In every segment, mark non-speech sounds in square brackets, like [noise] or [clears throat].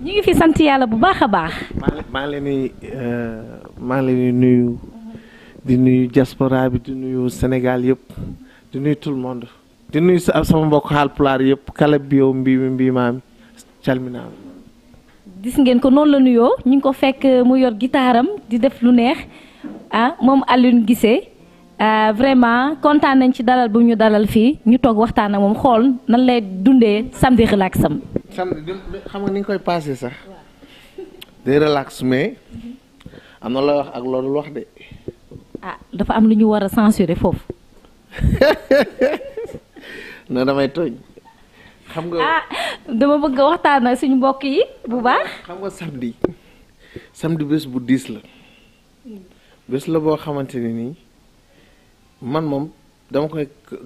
ñu ngi fi sant yàlla bu baax a baax. maa leen di eh, maa leen di nuyu di nuyu diaspora bi di nuyu Sénégal yëpp di nuyu tout le monde di nuyu sama mbokk Haalpulaar yëpp kala bi yow mbii mi maam calminaam gis ngeen ko noonu la nuyoo ñu ngi ko fekk eh, mu yor gitaaram di def lu neex ah moom Alioune Guissé ah, vraiment kontaan nañ ci dalal bu ñu dalal fii ñu toog waxtaan ak moom xool nan lay dundee samedi relaxam xam xam nga ni nga koy passé sax day relax me am na looy wax ak loolu wax de. ah dafa am lu ñu war a censurer foofu. [laughs] non damay tooñ. xam nga ah dama bëgg a waxtaan ak suñu mbokk yi bu baax. xam nga samedi samedi bés bu diis la bés la boo xamante ne man moom dama koy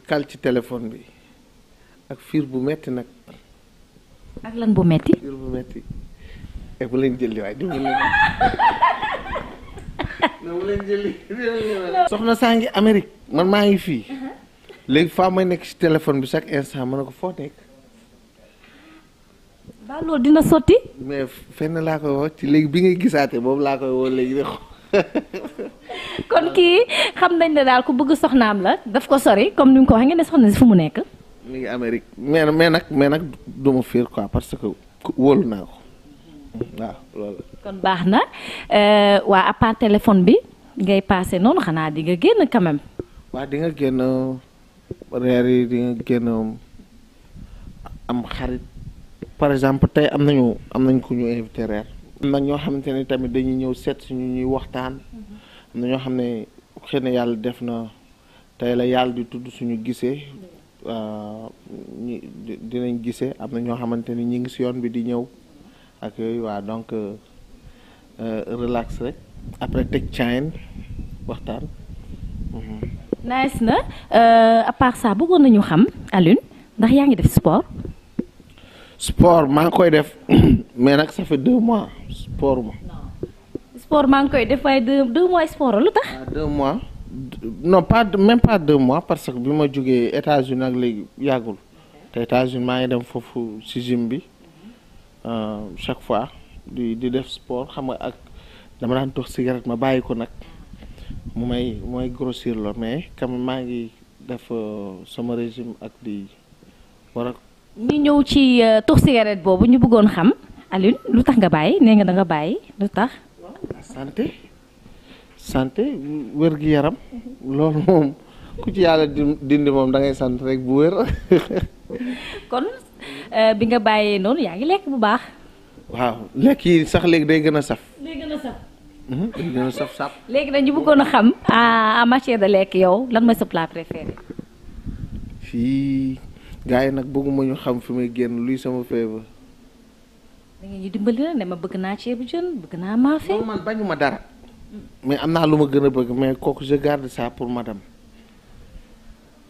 kal ci téléphone bi ak fiir bu metti nag. ak lan bu metti bu metti e bu leen jëli waaye dimbali soxna saa ngi Amérique man maa ngi fii léegi faa mooy nekk ci téléphone bi chaque instant ma ne ko foo nekk baa loolu dina sotti mais fenn laa koy woo ci léegi bi ngay gisaate boobu laa koy woo léegi de [laughs] kon kii xam nañ ne daal ku bëgg soxnaam la daf ko sori comme ni mu ko waxee ngeen ne soxna si fu mu nekk mi ngi Amérique mais mais nag mais nag du ma fiir quoi parce que wóolu naa ko waaw loolu kon baax na euh, waa à téléphone bi ngay passé noonu xanaa di nga génn quand waa di génn reer yi di génn am xarit par exemple tey am nañu am nañ ku ñu invité reer. na ñoo xamante ne tamit dañuy ñëw seet suñu ñuy waxtaan. am na ñoo xam ne xëy yàlla def na tey la yàlla di tudd suñu gisee. dinañ gisee amna ño xamanteni ñi ngi ci yoon bi di ñew ak yoy wa donc euh relax rek après tek chain waxtan nice na euh à part ça bëggoon nañu xam alune ndax yaangi def sport sport ma ngi koy def mais nak ça fait 2 mois sport ma sport ma ngi koy def waaye 2 mois sport lu tax deux mois non pas même pas deux mois parce que bima ma États-Unis ak légui yagul té États-Unis maa ngi dem fofu si gym bi euh, chaque fois di di def sport xam nga ak dama nan tox cigarette ma bayiko nak nag mu may moy grossir lo mais comme même maa ngi def euh, sama régime ak di war ni ñew ci euh, tox cigarette boobu ñu bëggoon xam Alioune lutax nga bàyyi né nga da nga bàyyi lutax santé. santé wérgu yaram lool mom ku ci yalla dindi mom da ngay sant rek bu wër [laughs] kon eh, bi nga bayé non yaa ngi lek bu baax. waaw lek yi sax lek day gëna saf. day gëna a saf. Mhm, day gën a saf saf. léegi nag ñu bëggoon a xam en matière de lek yow lan mooy sa plat préféré. fi gaay nak nag bëgguma ñu xam fi may génn luy sama feebar. da ngay ñu dimbali na ma bëgg ci bu jeun bëgg ma fi man bañuma dara. mais am naa lu ma gën a bëgg mais kooku je garde ça pour madame.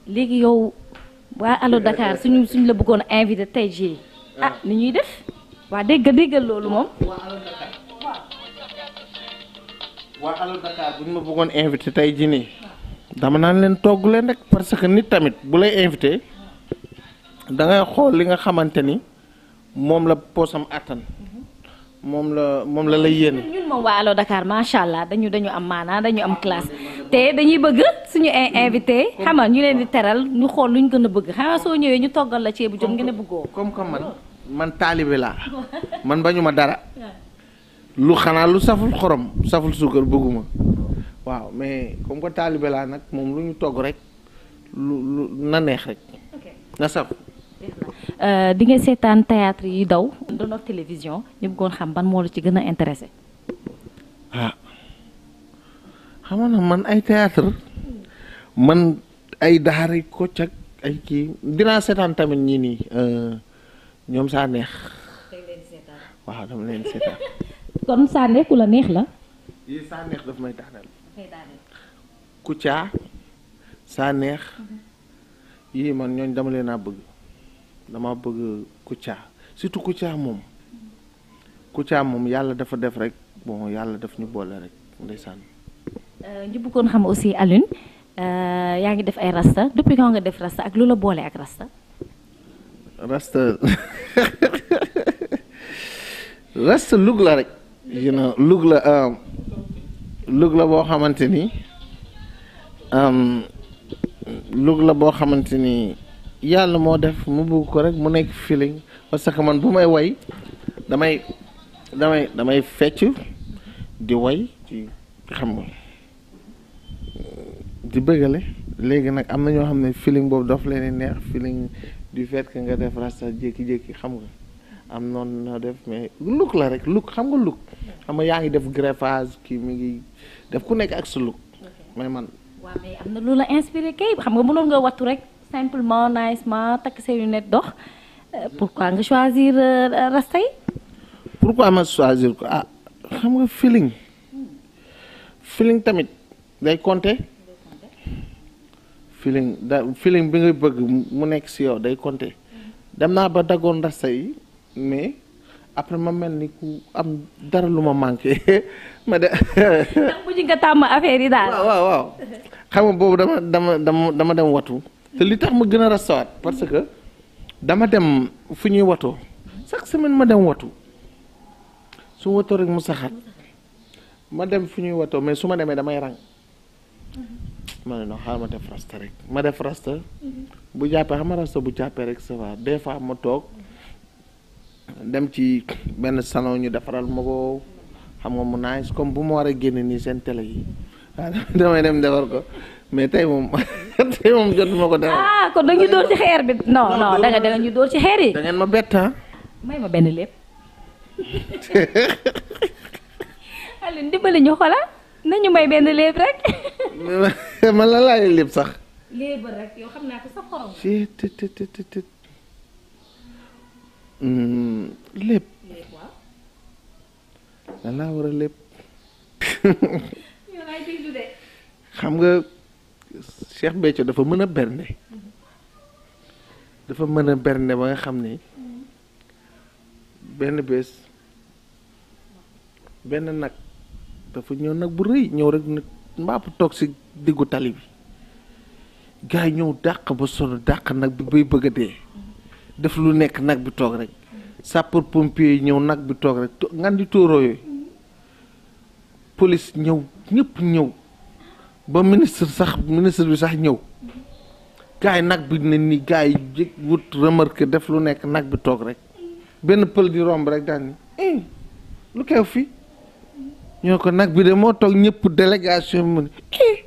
léegi yow waa Allo dakaar suñu suñu la bëggoon invité tey jii. ah, ah ñuy def. waa dégg loolu moom. waa ma bëggoon invité tey jii nii. dama naan leen togg leen rek parce que nit tamit bu lay invité da xool li nga xamante ni moom la poosam attan. moom la moom la la yéene. ñun moom waa Allo Dakar allah dañu dañu am maanaa dañu am classe te dañuy bëgg suñu in invité xam nga ñu leen di teral ñu xool lu ñu gën a bëgg xam soo ñëwee ñu toggal la ceebu jën ngeen a bëggoo. comme comme man man taalibe laa man bañu ma dara lu xanaa lu saful xorom saful suukar bëgguma waaw mais comme que taalibe laa nag moom lu ñu togg rek lu lu na neex rek na saf. Euh, di nga seetaan théâtre yi daw doon ak télévision ñu bëggoon xam ban moo la ci gën a intéressé. ah xam na man ay théâtre man ay daara Kocc ak ay kii dinaa seetaan tamit ñii nii euh, ñoom saa neex. waaw dama leen seetaan. [laughs] kon saa neex ku la neex la. yii saa neex daf may daaneel. Kouthia saa neex. Mhm. yii man ñooñ dama leen a bëgg. dama bëgg Kouthia surtout Kouthia moom Kouthia moom yàlla dafa def rek bon yàlla daf ñu boole rek ndeysaan. Euh, ñu bëggoon xam aussi Alioune euh, yaa ngi def ay rasta depuis quand nga def rasta ak lu la boole ak rasta. rasta [laughs] rasta lug la rek. you know lug la boo xamante ni lug la boo xamante ni. Um, yàlla moo def mu bugg ko rek mu nekk feeling parce que man bu may woy damay damay damay fecc di woy ci xam nga di bëggale léegi nag am na ñoo xam ne feeling boobu daf leen neex feeling du fait que nga def rasta jékki-jékki xam nga am noonu na def mais look la rek look xam nga look xam nga yaa ngi def greffage kii mi ngi def ku nekk ak sa look mais man. lu la inspiré kay xam nga mënoon nga wattu rek. simplement naïsement takk say net dox pourquoi nga choisir euh, Rastay. pourquoi ma choisir ko ah xam nga feeling feeling tamit day compter. feeling da feeling bi nga bëgg mu nekk si yow day compter dem naa ba daggoon Rastay yi mais. après ma mel ni ku am dara lu ma manqué [laughs] ma de. bu nga tàmm affaire yi daal. [laughs] waaw waaw xam nga boobu dama dama dama dama dem watu. te li tax ma gën a rastawaat parce que dama dem fu ñuy watoo chaque semaine ma dem watu su watoo rek mu saxaat ma dem fu ñuy watoo mais su ma demee damay rang ma ne non xaaral ma def rasta rek ma def rasta bu jàppee xam nga rasta bu jàppee rek ça va des fois ma toog dem ci benn salon ñu defaral ma ko xam nga mu nice comme bu ma war a génn nii seen télé yi. waaw damay dem defar ko mais tey moom [laughs] tey moom jotuma ko defar. ah kon dóor ci xeer bi. non non da nga ñu dóor ci xeer yi. da ngeen ma bett ah. may ma benn lépp. [laughs] Alioune dimbali ñu xoolal nañu may benn rek. [laughs] man la lépp sax. lépp rek yow xam naa ko sa xorom. Hmm, lépp. lépp war a lépp. xam nga Cheikh Béthio dafa mën a bernde dafa mën a bernde ba nga xam ni benn bés benn nag dafa ñëw nag bu rëy ñëw rek nag toog si diggu tali bi gaa yi ñëw dàq ba sonn dàq nag bi bay bëgg a dee def lu nekk nag bi toog rek sapeur pompier yi ñëw nag bi toog rek ngan di tóoroo polis ñëw nye ñew ba ministre sax ministre bi sax ñew gaay nak bi ne ni gaay jik wut remarque def lu nek nak bi tok rek ben peul di romb rek daan ni eh, lu kew fi, ñoko nak bi de mo tok ñëpp délégation mu ne eh,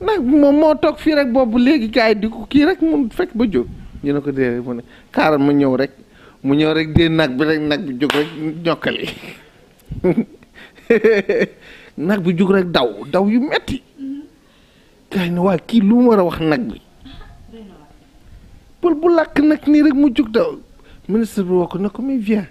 nag mo moom moo toog rek bobu legi gaay di ko ki rek mu fekk ba jog ñu ne ko dee mu ne kaaram mu ñew rek mu ñew rek dee nak bi rek nak bi jog rek ñokali [laughs] nag bi jug rek daw daw yu metti gars yi ne waa kii lu mu war a wax nag bi pël bu làkk nag nii rek mu jug daw ministre bi wax ko ne ko mais viens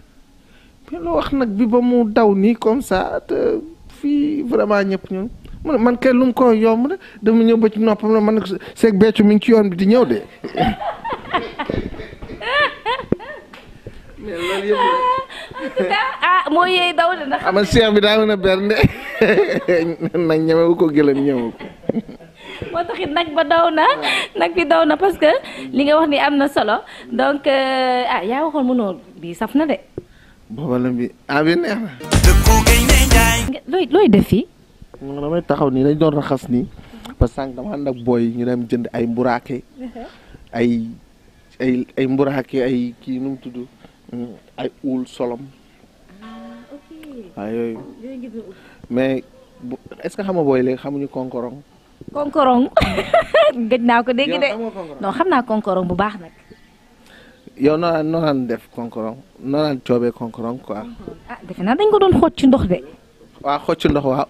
wax nag bi ba mu daw nii comme ça te fii vraiment ñëpp ñun mu ne man kay lu mu ko yomb dama ñëw ba ci noppam la man ne ko seeg beccu mi ngi ci yoon bi di ñëw de [laughs] moye dawde na ama cheikh bi daaw na bernde na ñemewu ko gëlem ñewu ko moo taxit nag ba daw na nag bi daw na parce que li nga wax ni am na solo donc ah yaa waxoon mënoo bi saf na de bobalam bi ah bi neex na dëkku ngay ngay jaay looy looy def fii man damay taxaw nii dañ doon raxas nii parce que dama ànd ak ñu dem jënd ay mburaake ay ay ay mburaake ay kii nu mu Mm, ay uul solom. ah yooyu. mais bu ce que xam nga booy léegi xamuñu konkorong. konkorong [laughs] gëj naa ko dégg de. non xam naa konkorong bu baax nag. yow noo naan noo def konkorong noo naan konkorong quoi. ah defe naa dañ doon xocc ndox de. waaw xocc ndox waaw.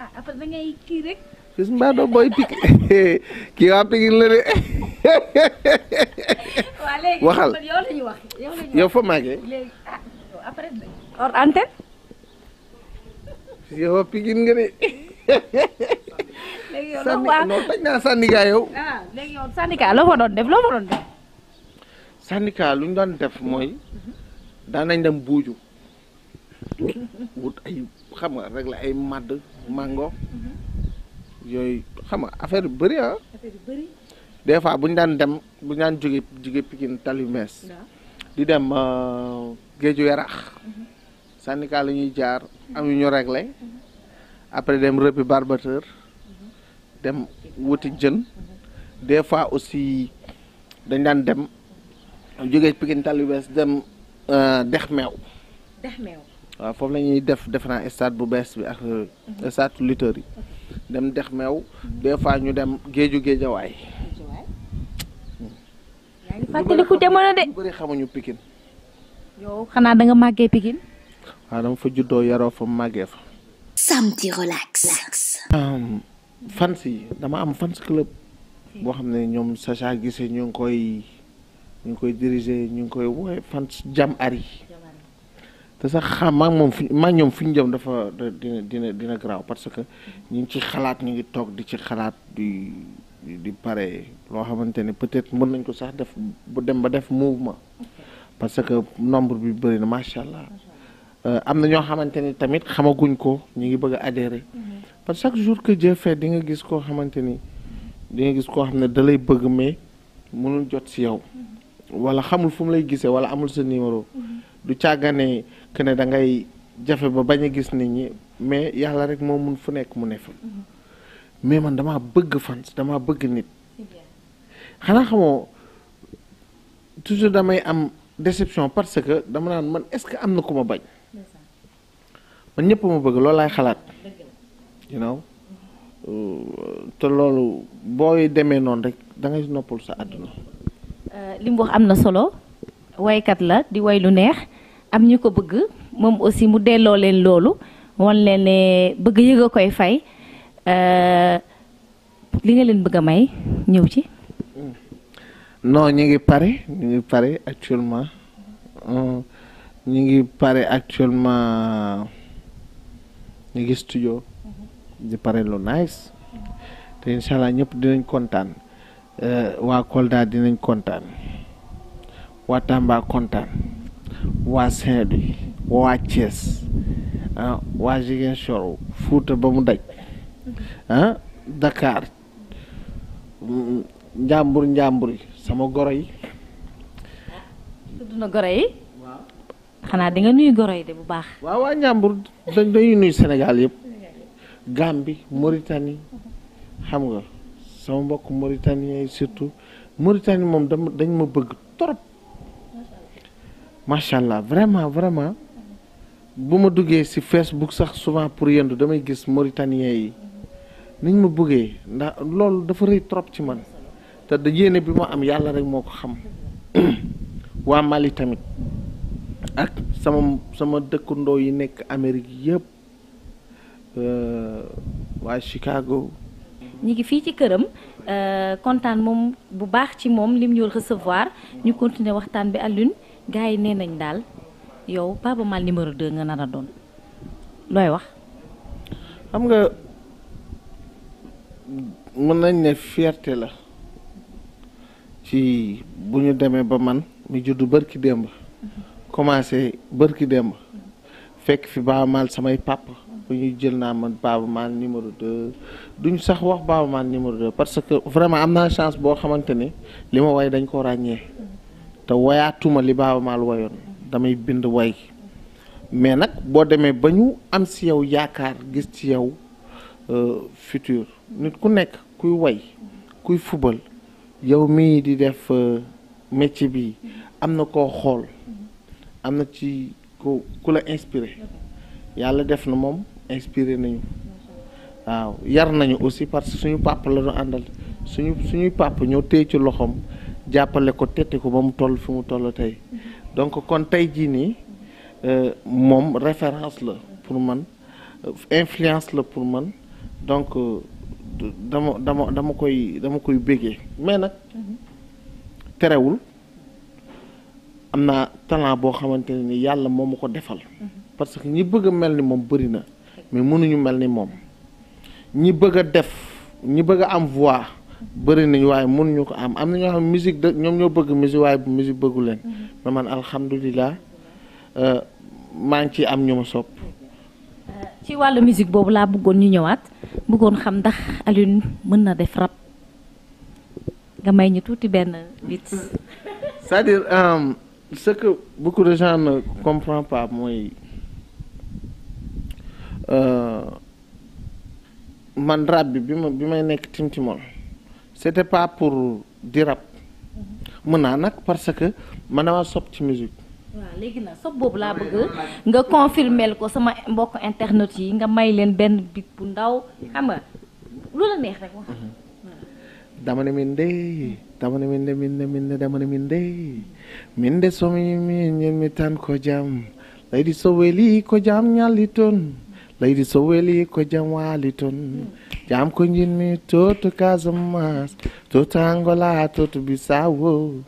ah après da ngay kii rek. gis nga waa Pikine la de. waxal yow la ñu wax yow la ñu wax yow antenne. yow Pikine nga de. léegi loo waa def loo fa def. syndicat lu ñu doon def mooy añ dem buuju wut ay xam nga rek la ay madd. mango mm-hmm. yoy xam nga affaire yu bëri ha ah. affaire yu bëri. des dem buñ dan daan jóge pikin talu tali di dem euh, geju yarax. Mm-hmm. sanika lañuy jaar mm-hmm. am ñu réglé. après dem repi barbateur. dem wuti jeun des fois aussi dañ dan dem jóge pikin tali mes dem euh, dex mew dex mew waaw foofu lañuy def defe naa bu bees bi ak mhm. stade lutteur yi dem dex meew des ñu dem géeju géejawaay yaa ngi fàttaliku xamuñu Pikine xanaa danga nga màggee Pikine waaw dama fa juddoo yaroo fa màggee fa samedi relax fans yi dama am fans club boo xam ne ñoom Sacha Guissé ñu ngi koy ñu ngi koy diriger ñu ngi koy woowe fans jam ari te sax xam moom fi maa ñoom fi ñu jëm dafa dina dina dina parce que ñu ngi ci xalaat ñu ngi toog di ci xalaat di di pare loo xamante ne peut-être mën nañ ko sax def bu dem ba def mouvement parce que nombre bi bëri na macha allah euh, am na ñoo xamante ni tamit xamaguñ ko ñu ngi bëgg a adhérer parce que chaque jour que Dieu fait di nga gis koo xamante ni di gis koo xam ne da lay bëgg mais mënul jot si yow wala xamul fu mu lay gisee wala amul sa numéro. du càggane que ne da ngay jafe ba baña gis nit ñi mais yalla rek mo mën fu nek mu mhm. mais man dama bëgg fans dama bëgg nit xana xamoo toujours damay am déception parce que dama nan man est ce que am kuma bañ man ñepp ma bëgg loolu laay you know mhm. euh, te loolu boy démé non rek da ngay noppul sa aduna euh, li mu wax am na solo waykat la di way lu neex am ñu ko bëgg mom aussi mu délo leen lolu won leen né bëgg yëga koy fay euh, li nga leen bëgg may ñëw ci non ñi ngi pare ñi ngi pare actuellement euh, ñi ngi pare actuellement ñi ngi studio mhm. di paré lo nice té inshallah ñëpp dinañ euh wa Kolda dinañ kontan, wa Tamba kontan was saint watches waa Thiès ah waa Ziguinchor ba mu daj ah Dakar njambur njambur sama goray yi. goray wa xana yi. di nga nuy goray de bu baax. wa njambur dañ day nuy senegal yeb Gambie Mauritanie xam nga sama mbokk Mauritanie surtout Mauritanie mom dañ ma bëgg trop. Masyaallah, vraiment vraiment buma duggé ci si Facebook sax souvent pour yendu damay gis Mauritaniens yi niñ ma bëggee ndax loolu dafa reuy trop ci man te da yéene bima am yalla rek moko xam [clears throat] wa Mali tamit ak sama sama ndo yi nekk Amérique euh wa Chicago. ñi ngi fi ci euh contane mom bu baax ci mom lim ñu recevoir ñu continuer waxtaan bi gaa yi nee nañ daal yow Baaba Maal numéro 2 nga nar a doon looy wax. xam nga mën nañ ne fierte la ci bu ñu demee ba man mi juddu bërki démb commencé bërki démb fekk fi Baaba Maal samay papa bu ñuy jël naa man Baaba Maal numéro 2 duñ sax wax Baaba Maal numéro 2 parce que vraiment am naa chance boo xamante ni li ma way dañ ko ràññee. te wayaatuma li Baaba Maal wayoon damay bind way mais nag boo demee ba ñu am si yow yaakaar gis ci yow euh, futur nit ku nekk kuy way kuy fubal yow mii di def euh, métier bi am na koo xool am na ci ku ku la inspiré yàlla def na moom inspiré nañu waaw yar nañu aussi parce que suñu pàpp la àndal suñu suñuy pàpp ñoo téye ci loxoom Je ko tette ko bam toll donc kon ji ni euh référence le pour man euh, influence le pour man donc euh, dama dama dama koy dama koy bégué. mais nak, y Amna talent ni yalla parce que ñi bëgg melni ni mais mënu ni mom. ñi bëgg def ñi bëgg bëri nañu waaye mun ñu ko am am na ñoo xam musique ñoom ñoo bëgg musique waaye bu musique bëggu leen mm-hmm. man alhamdulilah euh, maa ngi ciy am ñu ma sopp euh, ci wàll musique boobu laa bëggoon ñu ñëwaat bëggoon xam ndax Alioune mën na def rap nga may ñu tuuti benn bit [laughs] c'est-à-dire euh, ce que beaucoup de gens pas mooy man rap bi bi ma bi may nekk Timtimol c'était pas pour di rap mën parce que man damaa sopp musique waaw léegi nag sopp boobu laa bëgg nga confirmel ko sama mbokk internet yi nga may leen benn bit bu ndaw xam nga lu la neex rek wax dama ne min de dama ne min de min de min de dama ne min de min de somi min tan ko jam lay di so ko jam ñali ton lay di so ko jam wali ton jam ko jinmi toto casamas toto angola bisa wo.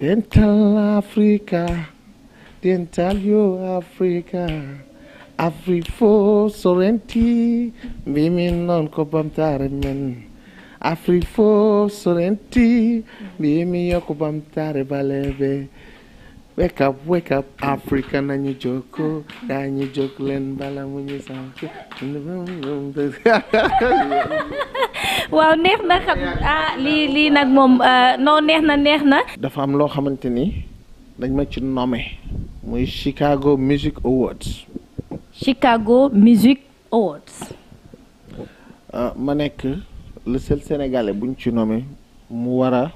dental africa dental yo africa afrifo sorrenti mbimin noon ko bamtare afrifo sorrenti mbimi yo ko bamtare wake up wake up Africa jóg leen bala mu [laughs] waaw neex na xam ah lii lii nag moom ah, non neex na neex na. dafa am loo xamante ni dañ ma ci nome muy Chicago Music Awards. Chicago Music Awards. Ah, ma nekk le seul sénégalais buñ ci nommé mu war a.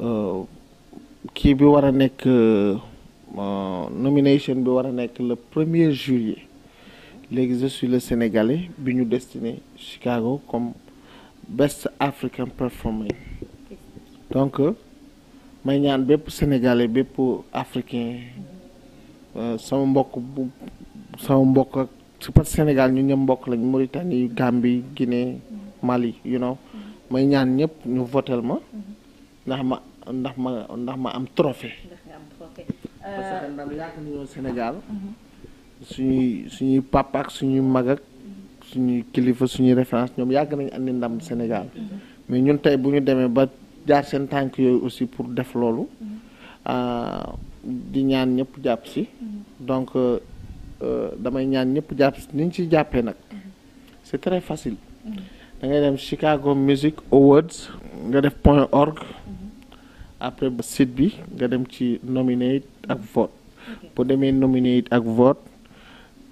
Ah, Qui bi war a euh, nomination bi wara nek le le premier juillet léegi je suis le sénégalais biñu destiné Chicago comme best African performer donc euh, may ñaan bép sénégalais bépp africain euh, sama mbokk sama mbokk ak su Sénégal ñu ñëpp mbokk lañ Mauritanie Gambie Guinée Mali you know may ñaan ñep ñu votel ma ndax ma. ndax ma ndax ma am trophée parce que ndam mhm. suñuy suñuy papa suñuy mag suñuy kilifa suñuy référence ñoom yàgg nañ andi ndam Sénégal mhm. mais ñun tey bu ñu demee ba jaar seen tànk yooyu aussi pour def loolu mhm. ah, di ñaan ñëpp jàpp si donc euh, euh, damay ñaan ñëpp jàpp si ni ci jàppee nag c'est très facile da dem Chicago Music Awards nga def point org après ba site bi nga dem ci nominate ak vote boo demee nominate ak vote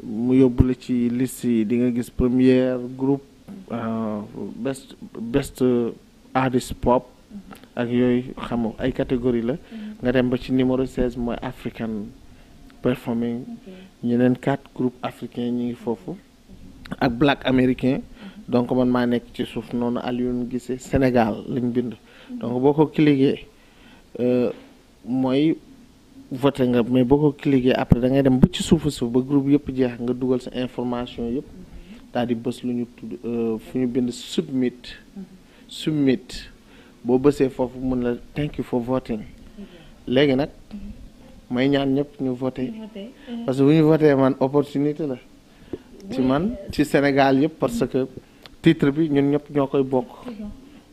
mu yóbbu la ci liste yi di nga gis première groupe euh, best best artist pop ak yooyu xam ay catégorie la mm-hmm. nga dem ba ci numéro 16 mooy african performing neen quatre groupes africain ñu ngi foofu ak black américain mm-hmm. donc man maa nekk ci suuf noonu Alioune Guissé Sénégal lañ bind mm-hmm. donc boo ko cliquer Euh, mooy voté nga mais boo ko cliquer après dangay dem ba ci suufa suuf ba group yëpp jeex nga dugal sa information yëpp daal di bës lu ñu tudd euh, fu ñu bind submit mm-hmm. submit boo bësee foofu mën la thank you for voting mm-hmm. léegi nag mm-hmm. may ñaan ñëpp ñu voté parce que bu ñu voté man opportunité la ci man ci Sénégal yëpp parce que titre bi ñun ñëpp ñoo koy bokk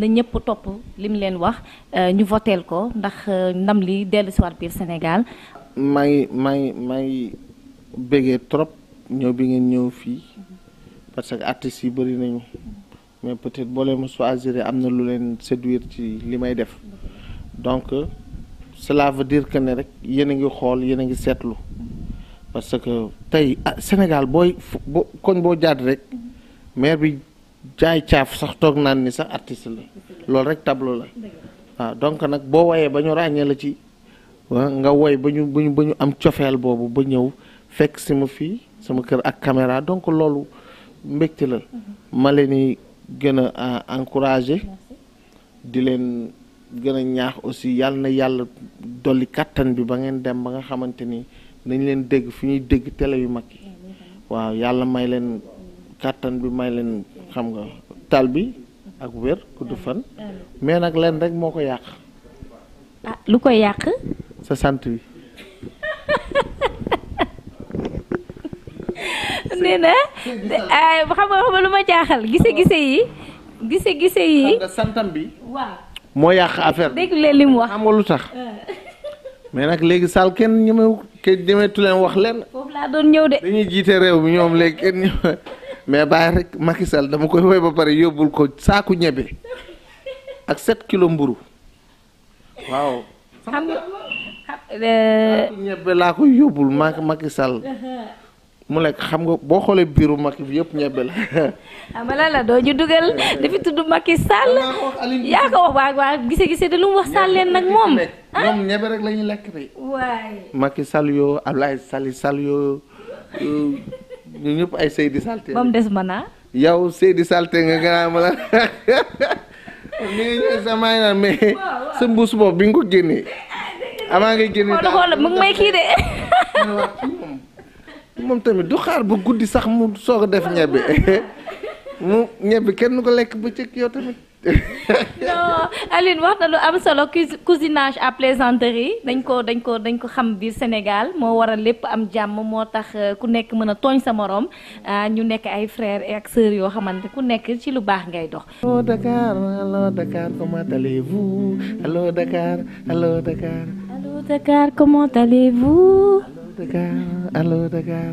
na ñëpp topp li mu leen wax euh, ñu voteel ko ndax euh, ndam li dellu si waat biir Sénégal. maa ngi maa ngi maa ngi bégee trop ñëw bi ngeen ñëw fii parce que artistes yi bëri nañu mais peut-être boo leen ma choisir am na lu leen séduire ci li may def donc euh, cela veut dire que ne rek yéen a ngi xool yéen a ngi seetlu parce que tey ah, Sénégal booy koñ boo jaad rek maire jaay caaf sax toog naan ni sax artiste la loolu rek tableau la waaw donc nag boo woyee ba ñu ràññee la ci nga woy ba ñu ba am cofeel boobu ba ñëw fekk si ma fii sama kër ak caméra donc loolu mbégte la mm-hmm. ma leen di gën a encouragé di leen gën a ñaax aussi yàlla na yàlla dolli kàttan bi ba ngeen dem ba nga xamante ni nañ leen dégg fu ñuy dégg télé yu mag yi waaw yàlla may leen kàttan bi may leen xam nga tal bi ak wér gudd fan mais nag lenn rek moo ko yàq ah lu koy yàq sa sant wi [laughs] nee na xam nga xam nga lu ma jaaxal gise gise yi gise gise yi bi moo yàq affaire dégg leen li wax xam nga lu tax ah. mais nag léegi Sall kenn ñemewu kenn ñemeetu leen wax leen foofu laa doon ñëw de dañuy jiite réew mi ñoom léegi kenn ñeme mais makisal, rek Macky Sall dama koy woy ba pare yobul ko saaku ñebe ak 7 kg mburu waaw. xam nga makisal, ñebe la ko yobul Macky Sall [laughs] mu lek xam nga bo xoolee biiru Macky bi yëpp ñebe la. [laughs] amala la do ñu duggal [laughs] defi tuddu Macky Sall. ya ko wax waa waa gise gise de lu wax Sall len nak mom ah? ñom ñebe rek lañu lek lekk way Macky Sall yo Abdoulaye Sall Sall yo ñu ñëpp ay Seydi Salté bam eh. dess mana yow Seydi Salté eh, nga gëna ma la ni ñu sama na me [laughs] sa mbuus bob bi nga ko génné avant nga génné da xol mu may ki dé mom tamit du xaar guddi sax mu soga def [laughs] mu kenn ko lek ci yow tamit [laughs] non Aline wax na lu am solo cousinage à plaisanterie dañ ko dañ ko dañ ko xam biir Sénégal moo waral lépp am jàmm moo tax euh, ku nekk mën a tooñ sa moroom euh, ñu nekk ay frères ak sœurs yoo xamante ku nekk ci lu baax ngay dox. allo Dakar allo Dakar comment Dakar allo Dakar.